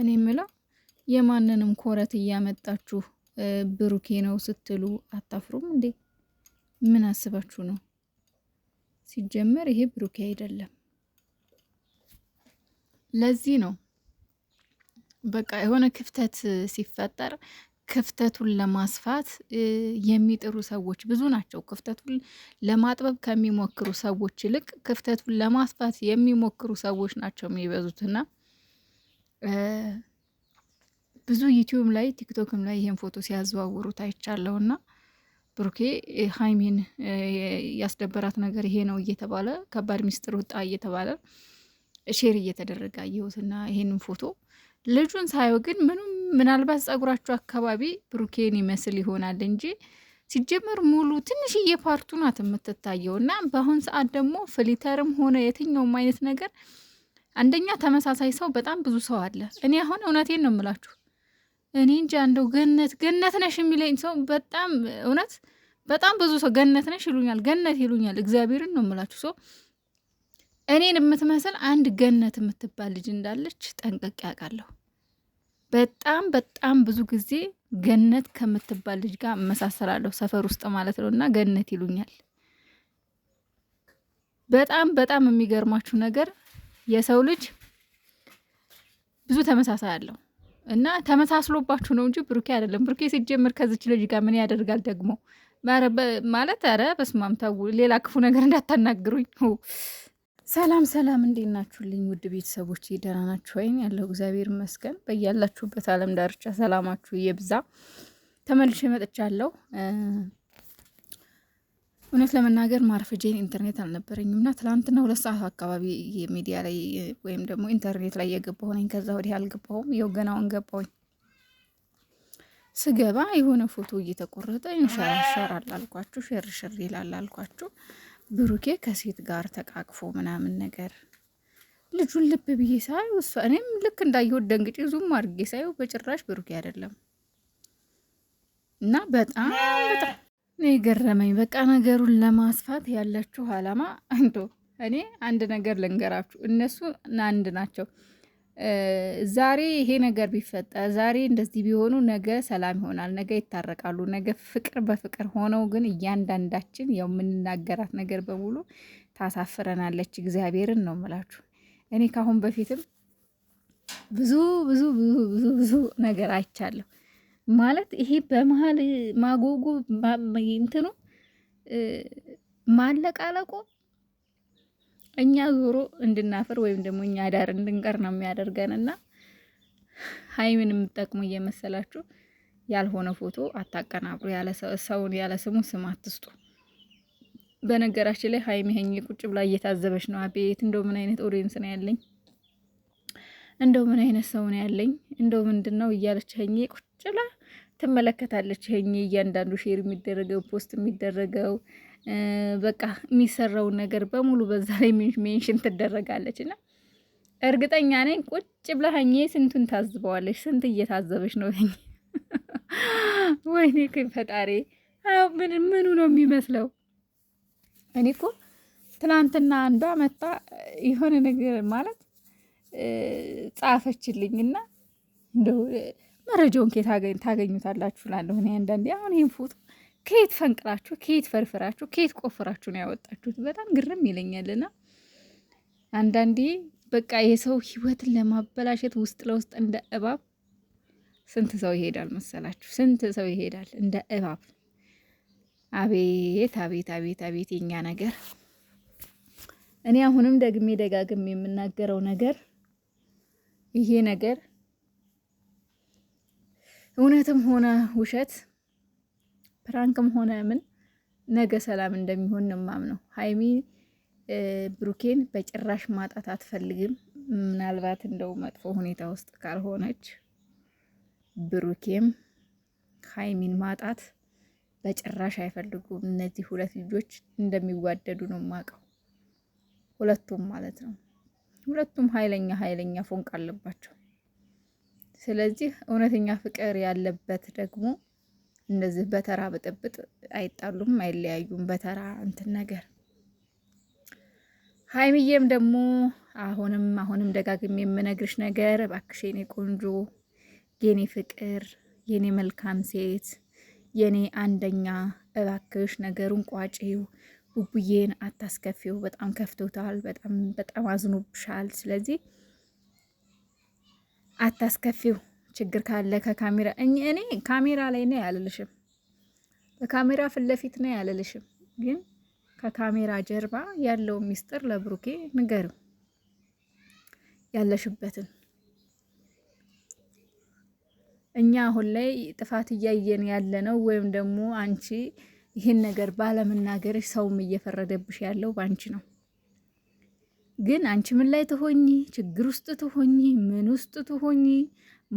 እኔ የምለው የማንንም ኮረት እያመጣችሁ ብሩኬ ነው ስትሉ አታፍሩም እንዴ? ምን አስባችሁ ነው? ሲጀመር ይሄ ብሩኬ አይደለም። ለዚህ ነው በቃ የሆነ ክፍተት ሲፈጠር ክፍተቱን ለማስፋት የሚጥሩ ሰዎች ብዙ ናቸው። ክፍተቱን ለማጥበብ ከሚሞክሩ ሰዎች ይልቅ ክፍተቱን ለማስፋት የሚሞክሩ ሰዎች ናቸው የሚበዙትና ብዙ ዩቲዩብ ላይ ቲክቶክም ላይ ይሄን ፎቶ ሲያዘዋውሩት አይቻለሁ እና ብሩኬ ሀይሚን ያስደበራት ነገር ይሄ ነው እየተባለ ከባድ ሚስጥር ወጣ እየተባለ ሼር እየተደረገ አየሁትና ይሄንን ፎቶ ልጁን ሳየው ግን ምንም ምናልባት ጸጉራችሁ አካባቢ ብሩኬን ይመስል ይሆናል እንጂ ሲጀመር ሙሉ ትንሽዬ ፓርቱ ናት የምትታየው እና በአሁን ሰዓት ደግሞ ፍሊተርም ሆነ የትኛውም አይነት ነገር አንደኛ ተመሳሳይ ሰው በጣም ብዙ ሰው አለ። እኔ አሁን እውነቴን ነው የምላችሁ። እኔ እንጃ እንደው ገነት ገነት ነሽ የሚለኝ ሰው በጣም እውነት በጣም ብዙ ሰው ገነት ነሽ ይሉኛል፣ ገነት ይሉኛል። እግዚአብሔርን ነው የምላችሁ ሰው እኔን የምትመስል አንድ ገነት የምትባል ልጅ እንዳለች ጠንቅቄ አውቃለሁ። በጣም በጣም ብዙ ጊዜ ገነት ከምትባል ልጅ ጋር እመሳሰላለሁ ሰፈር ውስጥ ማለት ነው። እና ገነት ይሉኛል። በጣም በጣም የሚገርማችሁ ነገር የሰው ልጅ ብዙ ተመሳሳይ አለው እና ተመሳስሎባችሁ ነው እንጂ ብሩኬ አይደለም። ብሩኬ ሲጀምር ከዚች ልጅ ጋር ምን ያደርጋል ደግሞ ማለት ረ በስማም ተው፣ ሌላ ክፉ ነገር እንዳታናግሩኝ። ሰላም ሰላም፣ እንዴት ናችሁልኝ ውድ ቤተሰቦች? ደህና ናችሁ ወይም ያለው እግዚአብሔር ይመስገን። በያላችሁበት አለም ዳርቻ ሰላማችሁ የብዛ። ተመልሼ መጥቻለሁ። እውነት ለመናገር ማርፈጄን ኢንተርኔት አልነበረኝም እና ትላንትና ሁለት ሰዓት አካባቢ ሚዲያ ላይ ወይም ደግሞ ኢንተርኔት ላይ የገባሁ ነኝ። ከዛ ወዲህ አልገባሁም። የው ገናውን ገባሁኝ። ስገባ የሆነ ፎቶ እየተቆረጠ ይንሸራሸራል አልኳችሁ፣ ሽርሽር ይላል አልኳችሁ። ብሩኬ ከሴት ጋር ተቃቅፎ ምናምን ነገር ልጁን ልብ ብዬ ሳይ እሷ እኔም ልክ እንዳየሁት ደንግጬ ዙም አድርጌ ሳየው በጭራሽ ብሩኬ አይደለም እና በጣም በጣም እኔ ገረመኝ። በቃ ነገሩን ለማስፋት ያላችሁ አላማ አንቶ እኔ አንድ ነገር ልንገራችሁ፣ እነሱ አንድ ናቸው። ዛሬ ይሄ ነገር ቢፈጠር ዛሬ እንደዚህ ቢሆኑ ነገ ሰላም ይሆናል፣ ነገ ይታረቃሉ፣ ነገ ፍቅር በፍቅር ሆነው ግን እያንዳንዳችን ያው የምንናገራት ነገር በሙሉ ታሳፍረናለች። እግዚአብሔርን ነው ምላችሁ። እኔ ካሁን በፊትም ብዙ ብዙ ብዙ ብዙ ብዙ ነገር አይቻለሁ። ማለት ይሄ በመሀል ማጎጎ እንትኑ ማለቃለቁ እኛ ዞሮ እንድናፍር ወይም ደግሞ እኛ ዳር እንድንቀር ነው የሚያደርገን እና ሀይምን የምጠቅሙ እየመሰላችሁ ያልሆነ ፎቶ አታቀናብሩ። ሰውን ያለ ስሙ ስም አትስጡ። በነገራችን ላይ ሀይሚ ሄኝ ቁጭ ብላ እየታዘበች ነው። አቤት እንደው ምን አይነት ኦዲየንስ ነው ያለኝ፣ እንደው ምን አይነት ሰው ነው ያለኝ፣ እንደው ምንድን ነው እያለች ሄኝ ቁጭ ብላ ትመለከታለች። ይሄኝ እያንዳንዱ ሼር የሚደረገው ፖስት የሚደረገው በቃ የሚሰራውን ነገር በሙሉ በዛ ላይ ሜንሽን ትደረጋለች እና እርግጠኛ ነኝ ቁጭ ብላ ስንቱን ታዝበዋለች። ስንት እየታዘበች ነው ሀኜ። ወይኔ ፈጣሪ ምን ምኑ ነው የሚመስለው? እኔ እኮ ትናንትና አንዷ መታ የሆነ ነገር ማለት ጻፈችልኝና እንደው መረጃውን ከየት ታገኙታላችሁ? ላለሁ እኔ አንዳንዴ አሁን ይህን ፎቶ ከየት ፈንቅራችሁ ከየት ፈርፍራችሁ ከየት ቆፍራችሁ ነው ያወጣችሁት? በጣም ግርም ይለኛልና አንዳንዴ በቃ የሰው ህይወትን ለማበላሸት ውስጥ ለውስጥ እንደ እባብ ስንት ሰው ይሄዳል መሰላችሁ? ስንት ሰው ይሄዳል እንደ እባብ። አቤት አቤት አቤት አቤት የኛ ነገር። እኔ አሁንም ደግሜ ደጋግሜ የምናገረው ነገር ይሄ ነገር እውነትም ሆነ ውሸት ፕራንክም ሆነ ምን ነገ ሰላም እንደሚሆን ነው ሀይሚ ብሩኬን በጭራሽ ማጣት አትፈልግም። ምናልባት እንደው መጥፎ ሁኔታ ውስጥ ካልሆነች ብሩኬም ሀይሚን ማጣት በጭራሽ አይፈልጉም። እነዚህ ሁለት ልጆች እንደሚዋደዱ ነው የማውቀው። ሁለቱም ማለት ነው። ሁለቱም ኃይለኛ ኃይለኛ ፎንቅ አለባቸው። ስለዚህ እውነተኛ ፍቅር ያለበት ደግሞ እንደዚህ በተራ ብጥብጥ አይጣሉም፣ አይለያዩም በተራ እንትን ነገር። ሀይሚዬም ደግሞ አሁንም አሁንም ደጋግሜ የምነግርሽ ነገር እባክሽ የኔ ቆንጆ፣ የኔ ፍቅር፣ የኔ መልካም ሴት፣ የኔ አንደኛ እባክሽ ነገሩን ቋጪው፣ ቡቡዬን አታስከፊው። በጣም ከፍቶታል። በጣም በጣም አዝኖብሻል። ስለዚህ አታስከፊው። ችግር ካለ ከካሜራ እኔ ካሜራ ላይ ነው ያልልሽም፣ በካሜራ ፊት ለፊት ነው ያልልሽም፣ ግን ከካሜራ ጀርባ ያለው ሚስጥር ለብሩኬ ንገሪው ያለሽበትን። እኛ አሁን ላይ ጥፋት እያየን ያለ ነው ወይም ደግሞ አንቺ ይህን ነገር ባለመናገርሽ ሰውም እየፈረደብሽ ያለው ባንቺ ነው። ግን አንቺ ምን ላይ ትሆኚ፣ ችግር ውስጥ ትሆኚ፣ ምን ውስጥ ትሆኚ፣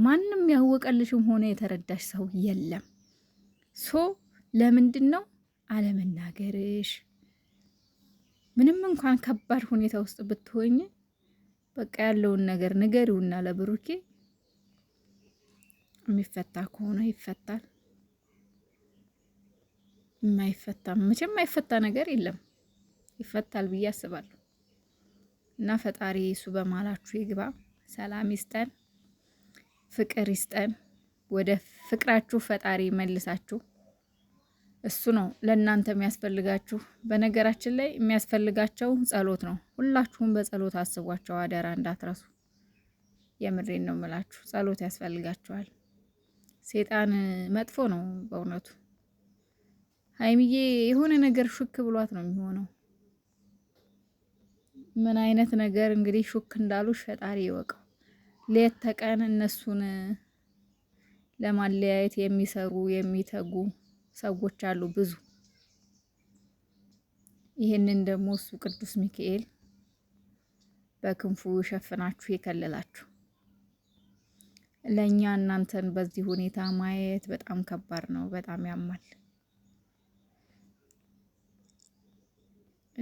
ማንም ያወቀልሽም ሆነ የተረዳሽ ሰው የለም። ሶ ለምንድን ነው አለመናገርሽ? ምንም እንኳን ከባድ ሁኔታ ውስጥ ብትሆኝ በቃ ያለውን ነገር ንገሪውና ለብሩኬ የሚፈታ ከሆነ ይፈታል። የማይፈታ መቼም የማይፈታ ነገር የለም፣ ይፈታል ብዬ አስባለሁ። እና ፈጣሪ እሱ በማላችሁ ይግባ። ሰላም ይስጠን፣ ፍቅር ይስጠን። ወደ ፍቅራችሁ ፈጣሪ መልሳችሁ። እሱ ነው ለእናንተ የሚያስፈልጋችሁ። በነገራችን ላይ የሚያስፈልጋቸው ጸሎት ነው። ሁላችሁም በጸሎት አስቧቸው አደራ እንዳትረሱ። የምሬን ነው የምላችሁ፣ ጸሎት ያስፈልጋቸዋል። ሴጣን መጥፎ ነው በእውነቱ። ሀይሚዬ የሆነ ነገር ሹክ ብሏት ነው የሚሆነው ምን አይነት ነገር እንግዲህ ሹክ እንዳሉ ፈጣሪ ይወቀው። ሌት ተቀን እነሱን ለማለያየት የሚሰሩ የሚተጉ ሰዎች አሉ ብዙ። ይህንን ደግሞ እሱ ቅዱስ ሚካኤል በክንፉ ሸፍናችሁ የከለላችሁ። ለእኛ እናንተን በዚህ ሁኔታ ማየት በጣም ከባድ ነው። በጣም ያማል።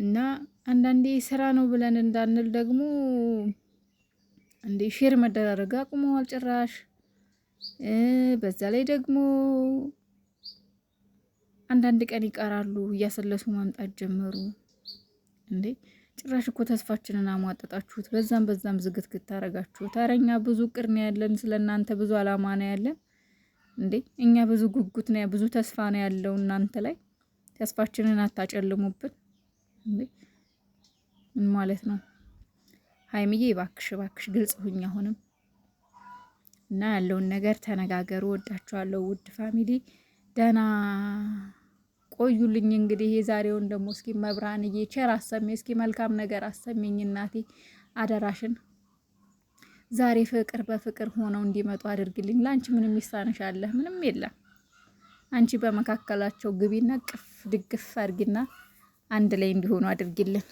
እና አንዳንዴ ስራ ነው ብለን እንዳንል ደግሞ እንዴ ሼር መደራረግ አቁመዋል ጭራሽ። በዛ ላይ ደግሞ አንዳንድ ቀን ይቀራሉ እያሰለሱ ማምጣት ጀመሩ። እንዴ ጭራሽ እኮ ተስፋችንን አሟጠጣችሁት፣ በዛም በዛም ዝግትግት አረጋችሁት። ኧረ እኛ ብዙ ቅር ነው ያለን፣ ስለ እናንተ ብዙ አላማ ነው ያለን። እንዴ እኛ ብዙ ጉጉት ነው፣ ብዙ ተስፋ ነው ያለው እናንተ ላይ። ተስፋችንን አታጨልሙብን። ማለት ነው። ሀይምዬ እባክሽ እባክሽ ግልጽ ሁኝ አሁንም እና ያለውን ነገር ተነጋገሩ። ወዳችኋለሁ ውድ ፋሚሊ፣ ደህና ቆዩልኝ። እንግዲህ የዛሬውን ደግሞ እስኪ መብርሃንዬ ቸር አሰሜ እስኪ መልካም ነገር አሰሜኝ እናቴ፣ አደራሽን ዛሬ ፍቅር በፍቅር ሆነው እንዲመጡ አድርግልኝ። ለአንቺ ምንም ይሳነሻለህ ምንም የለም። አንቺ በመካከላቸው ግቢና ቅፍ ድግፍ አድርጊና አንድ ላይ እንዲሆኑ አድርግልን።